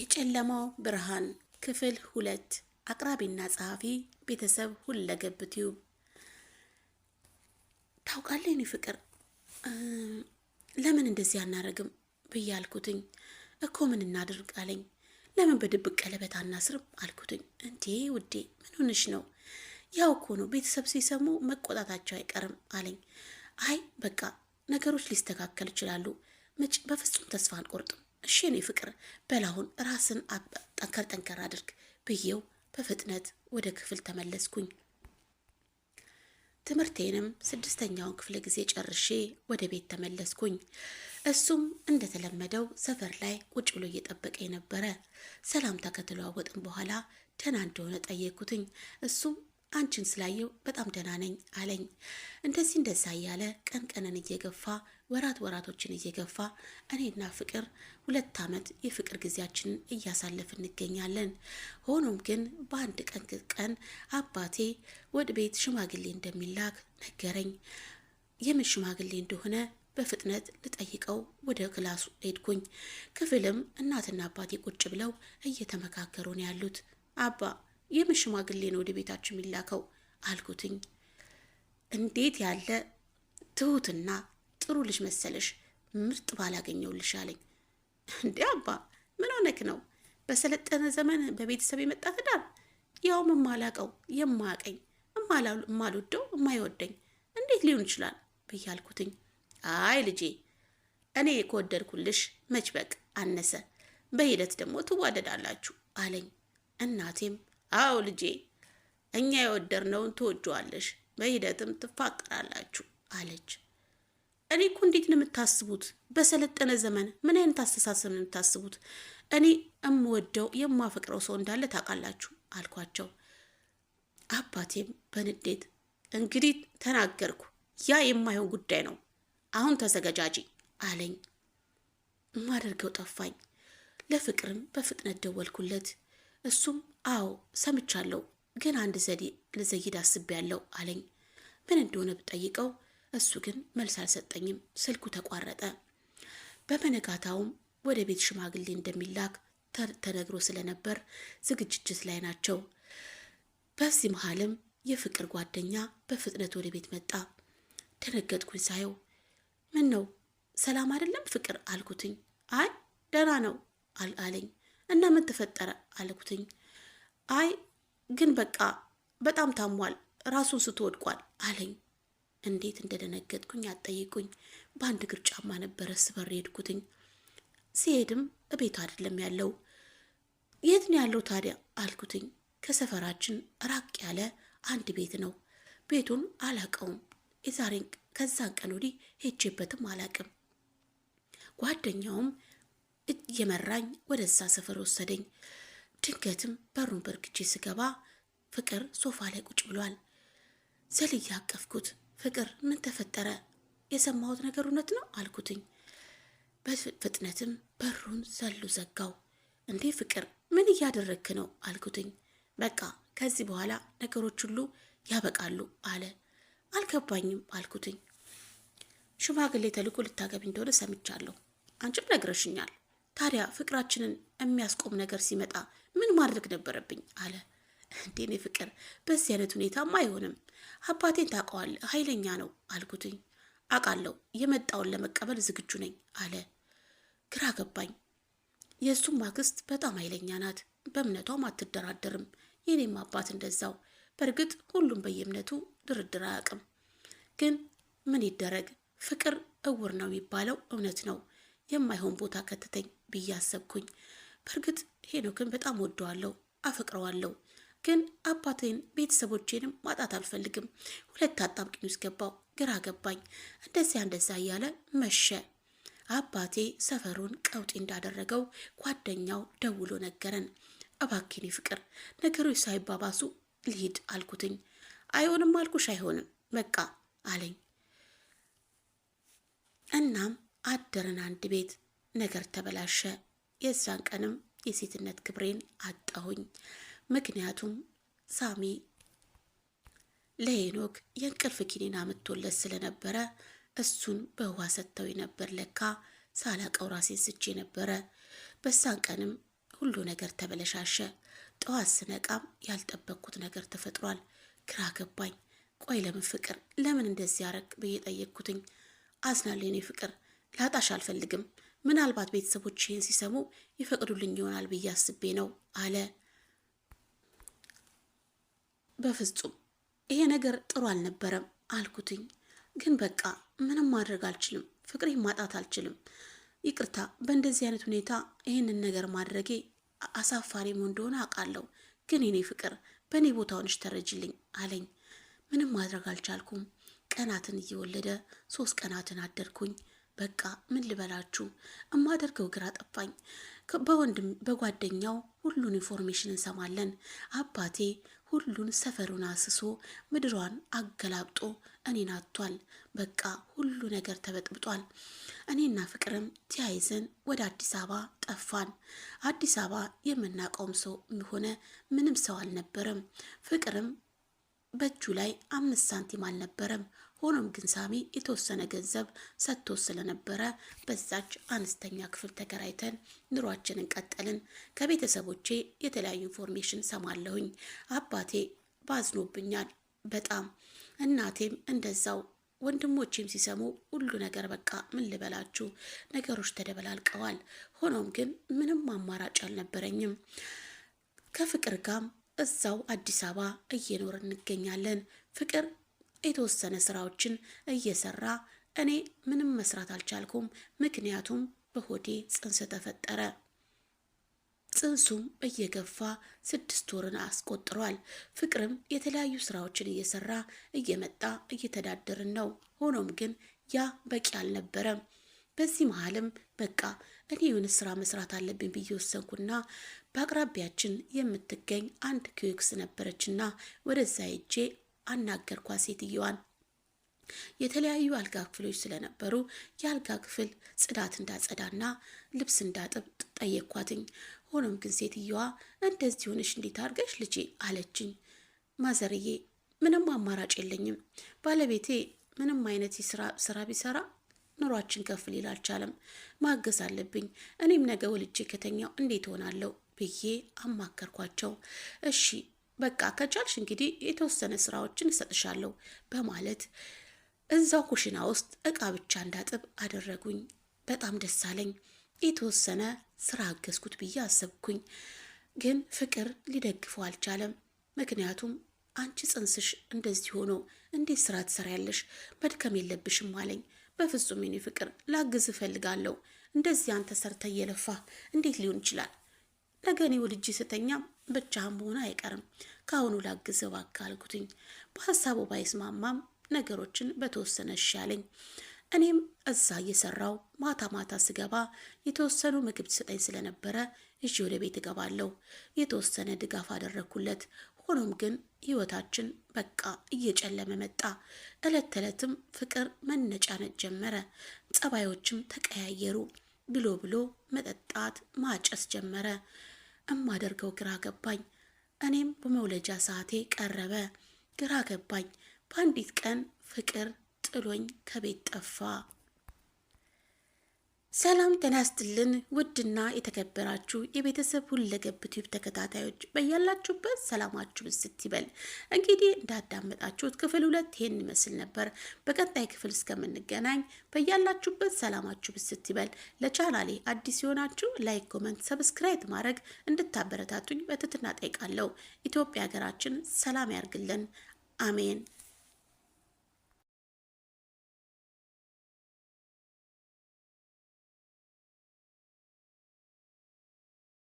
የጨለማው ብርሃን ክፍል ሁለት አቅራቢና ጸሐፊ ቤተሰብ ሁለገብ ቲዩብ። ታውቃለህ እኔ ፍቅር ለምን እንደዚህ አናደረግም ብዬ አልኩትኝ እኮ ምን እናድርግ አለኝ። ለምን በድብቅ ቀለበት አናስርም አልኩትኝ። እንዴ ውዴ ምን ነው? ያው እኮ ነው ቤተሰብ ሲሰሙ መቆጣታቸው አይቀርም አለኝ። አይ በቃ ነገሮች ሊስተካከል ይችላሉ። መጭ በፍጹም ተስፋ አንቆርጥም እሺ እኔ ፍቅር በላሁን ራስን ጠንከር ጠንከር አድርግ ብዬው በፍጥነት ወደ ክፍል ተመለስኩኝ። ትምህርቴንም ስድስተኛውን ክፍለ ጊዜ ጨርሼ ወደ ቤት ተመለስኩኝ። እሱም እንደተለመደው ሰፈር ላይ ቁጭ ብሎ እየጠበቀ ነበረ! ሰላምታ ከተለዋወጥን በኋላ ደህና እንደሆነ ጠየኩትኝ። እሱም አንቺን ስላየው በጣም ደህና ነኝ አለኝ። እንደዚህ እንደዛ እያለ ቀን ቀንን እየገፋ ወራት ወራቶችን እየገፋ እኔና ፍቅር ሁለት ዓመት የፍቅር ጊዜያችንን እያሳለፍ እንገኛለን። ሆኖም ግን በአንድ ቀን ቀን አባቴ ወደ ቤት ሽማግሌ እንደሚላክ ነገረኝ። የምን ሽማግሌ እንደሆነ በፍጥነት ልጠይቀው ወደ ክላሱ ሄድኩኝ። ክፍልም እናትና አባቴ ቁጭ ብለው እየተመካከሩ ነው ያሉት። አባ የምን ሽማግሌ ነው ወደ ቤታችን የሚላከው አልኩትኝ። እንዴት ያለ ትሁትና ጥሩ ልጅ መሰለሽ፣ ምርጥ ባላገኘውልሽ አለኝ። እንዴ አባ ምን ሆነክ ነው? በሰለጠነ ዘመን በቤተሰብ የመጣ ትዳር ያውም የማላቀው የማያቀኝ የማልወደው የማይወደኝ እንዴት ሊሆን ይችላል ብያልኩትኝ፣ አልኩትኝ። አይ ልጄ እኔ ከወደድኩልሽ መችበቅ አነሰ፣ በሂደት ደግሞ ትዋደዳላችሁ አለኝ። እናቴም አዎ ልጄ እኛ የወደድነውን ትወጇዋለሽ፣ በሂደትም ትፋቅራላችሁ አለች። እኔ እኮ እንዴት ነው የምታስቡት? በሰለጠነ ዘመን ምን አይነት አስተሳሰብ ነው የምታስቡት? እኔ እምወደው የማፈቅረው ሰው እንዳለ ታውቃላችሁ አልኳቸው። አባቴም በንዴት እንግዲህ ተናገርኩ፣ ያ የማይሆን ጉዳይ ነው፣ አሁን ተዘገጃጂ አለኝ። ማደርገው ጠፋኝ። ለፍቅርም በፍጥነት ደወልኩለት። እሱም አዎ ሰምቻለሁ፣ ግን አንድ ዘዴ ልዘይድ አስቤያለሁ አለኝ። ምን እንደሆነ ብጠይቀው እሱ ግን መልስ አልሰጠኝም። ስልኩ ተቋረጠ። በመነጋታውም ወደ ቤት ሽማግሌ እንደሚላክ ተነግሮ ስለነበር ዝግጅት ላይ ናቸው። በዚህ መሀልም የፍቅር ጓደኛ በፍጥነት ወደ ቤት መጣ። ደነገጥኩኝ ሳየው። ምን ነው ሰላም አይደለም ፍቅር አልኩትኝ። አይ ደህና ነው አለኝ። እና ምን ተፈጠረ አልኩትኝ። አይ ግን በቃ በጣም ታሟል፣ ራሱን ስቶ ወድቋል አለኝ። እንዴት እንደደነገጥኩኝ አጠይቁኝ! በአንድ እግር ጫማ ነበረ ስበር ሄድኩትኝ። ሲሄድም እቤቱ አይደለም ያለው። የት ነው ያለው ታዲያ አልኩትኝ። ከሰፈራችን ራቅ ያለ አንድ ቤት ነው። ቤቱን አላቀውም። የዛሬን ከዛን ቀን ወዲህ ሄጄበትም አላቅም። ጓደኛውም እየመራኝ ወደዛ ሰፈር ወሰደኝ። ድንገትም በሩን በርግቼ ስገባ ፍቅር ሶፋ ላይ ቁጭ ብሏል። ዘልዬ አቀፍኩት። ፍቅር ምን ተፈጠረ? የሰማሁት ነገር እውነት ነው አልኩትኝ። በፍጥነትም በሩን ዘሎ ዘጋው። እንዴ ፍቅር ምን እያደረግክ ነው አልኩትኝ። በቃ ከዚህ በኋላ ነገሮች ሁሉ ያበቃሉ አለ። አልገባኝም አልኩትኝ። ሽማግሌ ተልኮ ልታገቢ እንደሆነ ሰምቻለሁ፣ አንቺም ነግረሽኛል። ታዲያ ፍቅራችንን የሚያስቆም ነገር ሲመጣ ምን ማድረግ ነበረብኝ አለ። እንዴኔ ፍቅር፣ በዚህ አይነት ሁኔታ አይሆንም። አባቴን ታውቀዋለህ፣ ኃይለኛ ነው አልኩትኝ። አውቃለሁ፣ የመጣውን ለመቀበል ዝግጁ ነኝ አለ። ግራ ገባኝ። የእሱም ማክስት በጣም ኃይለኛ ናት፣ በእምነቷም አትደራደርም። የኔም አባት እንደዛው። በእርግጥ ሁሉም በየእምነቱ ድርድር አያውቅም። ግን ምን ይደረግ፣ ፍቅር እውር ነው የሚባለው እውነት ነው። የማይሆን ቦታ ከተተኝ ብዬ አሰብኩኝ። በእርግጥ ሄኖክን በጣም ወደዋለሁ፣ አፈቅረዋለሁ። ግን አባቴን ቤተሰቦቼንም ማጣት አልፈልግም። ሁለት አጣብቂኝ ውስጥ ገባው። ግራ ገባኝ። እንደዚያ እንደዛ እያለ መሸ። አባቴ ሰፈሩን ቀውጢ እንዳደረገው ጓደኛው ደውሎ ነገረን። እባክኔ ፍቅር ነገሮች ሳይባባሱ ልሂድ አልኩትኝ። አይሆንም አልኩሽ አይሆንም በቃ አለኝ። እናም አደርን አንድ ቤት። ነገር ተበላሸ። የዛን ቀንም የሴትነት ክብሬን አጣሁኝ። ምክንያቱም ሳሚ ለሄኖክ የእንቅልፍ ኪኒን አምጥቶለት ስለነበረ እሱን በውሃ ሰጥተው ነበር። ለካ ሳላቀው ራሴን ስቼ ነበረ። በሳን ቀንም ሁሉ ነገር ተበለሻሸ። ጠዋት ስነቃም ያልጠበቅኩት ነገር ተፈጥሯል። ግራ ገባኝ። ቆይ ለምን ፍቅር ለምን እንደዚህ ያረግ ብዬ ጠየቅኩትኝ። አዝናለሁ የኔ ፍቅር፣ ላጣሽ አልፈልግም። ምናልባት ቤተሰቦች ይህን ሲሰሙ ይፈቅዱልኝ ይሆናል ብዬ አስቤ ነው አለ በፍጹም ይሄ ነገር ጥሩ አልነበረም አልኩትኝ። ግን በቃ ምንም ማድረግ አልችልም፣ ፍቅሬ ማጣት አልችልም። ይቅርታ፣ በእንደዚህ አይነት ሁኔታ ይህንን ነገር ማድረጌ አሳፋሪ እንደሆነ አውቃለሁ፣ ግን የኔ ፍቅር በእኔ ቦታውንሽ ተረጅልኝ አለኝ። ምንም ማድረግ አልቻልኩም። ቀናትን እየወለደ ሶስት ቀናትን አደርኩኝ። በቃ ምን ልበላችሁ፣ እማደርገው ግራ ጠፋኝ። በወንድም በጓደኛው ሁሉን ኢንፎርሜሽን እንሰማለን። አባቴ ሁሉን ሰፈሩን አስሶ ምድሯን አገላብጦ እኔን አጥቷል። በቃ ሁሉ ነገር ተበጥብጧል። እኔና ፍቅርም ተያይዘን ወደ አዲስ አበባ ጠፋን። አዲስ አበባ የምናውቀውም ሰው ሆነ ምንም ሰው አልነበረም። ፍቅርም በእጁ ላይ አምስት ሳንቲም አልነበረም። ሆኖም ግን ሳሚ የተወሰነ ገንዘብ ሰጥቶ ስለነበረ በዛች አነስተኛ ክፍል ተከራይተን ኑሯችንን ቀጠልን። ከቤተሰቦቼ የተለያዩ ኢንፎርሜሽን ሰማለሁኝ። አባቴ ባዝኖብኛል በጣም እናቴም እንደዛው ወንድሞቼም ሲሰሙ ሁሉ ነገር በቃ ምን ልበላችሁ ነገሮች ተደበላልቀዋል። ሆኖም ግን ምንም አማራጭ አልነበረኝም። ከፍቅር ጋም እዛው አዲስ አበባ እየኖር እንገኛለን። ፍቅር የተወሰነ ስራዎችን እየሰራ እኔ ምንም መስራት አልቻልኩም፣ ምክንያቱም በሆዴ ጽንስ ተፈጠረ። ጽንሱም እየገፋ ስድስት ወርን አስቆጥሯል። ፍቅርም የተለያዩ ስራዎችን እየሰራ እየመጣ እየተዳደርን ነው። ሆኖም ግን ያ በቂ አልነበረም። በዚህ መሀልም በቃ እኔ የሆነ ስራ መስራት አለብኝ ብዬ ወሰንኩና በአቅራቢያችን የምትገኝ አንድ ኪዮክስ ነበረችና ወደዛ ሄጄ አናገርኳት ሴትየዋን። የተለያዩ አልጋ ክፍሎች ስለነበሩ የአልጋ ክፍል ጽዳት እንዳጸዳና ልብስ እንዳጥብ ጠየቅኳትኝ። ሆኖም ግን ሴትየዋ እንደዚህ ሆነሽ እንዴት አድርገሽ ልጄ አለችኝ። ማዘርዬ ምንም አማራጭ የለኝም። ባለቤቴ ምንም አይነት ስራ ቢሰራ ኑሯችን ከፍ ሊል አልቻለም። ማገዝ አለብኝ። እኔም ነገ ወልጄ ከተኛው እንዴት ሆናለሁ ብዬ አማከርኳቸው። እሺ በቃ ከቻልሽ እንግዲህ የተወሰነ ስራዎችን እሰጥሻለሁ በማለት እዛው ኩሽና ውስጥ እቃ ብቻ እንዳጥብ አደረጉኝ። በጣም ደስ አለኝ። የተወሰነ ስራ አገዝኩት ብዬ አሰብኩኝ። ግን ፍቅር ሊደግፈው አልቻለም። ምክንያቱም አንቺ ጽንስሽ እንደዚህ ሆኖ እንዴት ስራ ትሰሪያለሽ? መድከም የለብሽም አለኝ። በፍጹም የኔ ፍቅር ላግዝ እፈልጋለሁ። እንደዚህ አንተ ሰርተ እየለፋ እንዴት ሊሆን ይችላል? ነገ ልጅ ስተኛ ብቻህን መሆን አይቀርም ከአሁኑ ላግዘው አካልኩትኝ። በሀሳቡ ባይስማማም ነገሮችን በተወሰነ ሻለኝ። እኔም እዛ እየሰራው ማታ ማታ ስገባ የተወሰኑ ምግብ ትሰጠኝ ስለነበረ እሺ ወደ ቤት እገባለሁ። የተወሰነ ድጋፍ አደረግኩለት። ሆኖም ግን ህይወታችን በቃ እየጨለመ መጣ። እለት ተዕለትም ፍቅር መነጫነጭ ጀመረ። ጸባዮችም ተቀያየሩ። ብሎ ብሎ መጠጣት ማጨስ ጀመረ። እማደርገው ግራ ገባኝ። እኔም በመውለጃ ሰዓቴ ቀረበ፣ ግራ ገባኝ። በአንዲት ቀን ፍቅር ጥሎኝ ከቤት ጠፋ። ሰላም ጤና ይስጥልን ውድና የተከበራችሁ የቤተሰብ ሁለገብ ቲዩብ ተከታታዮች በያላችሁበት ሰላማችሁ ብስት ይበል። እንግዲህ እንዳዳመጣችሁት ክፍል ሁለት ይህን ይመስል ነበር። በቀጣይ ክፍል እስከምንገናኝ በያላችሁበት ሰላማችሁ ብስት ይበል። ለቻናሌ አዲስ የሆናችሁ ላይክ፣ ኮመንት፣ ሰብስክራይብ ማድረግ እንድታበረታቱኝ በትህትና ጠይቃለሁ። ኢትዮጵያ ሀገራችን ሰላም ያርግልን። አሜን።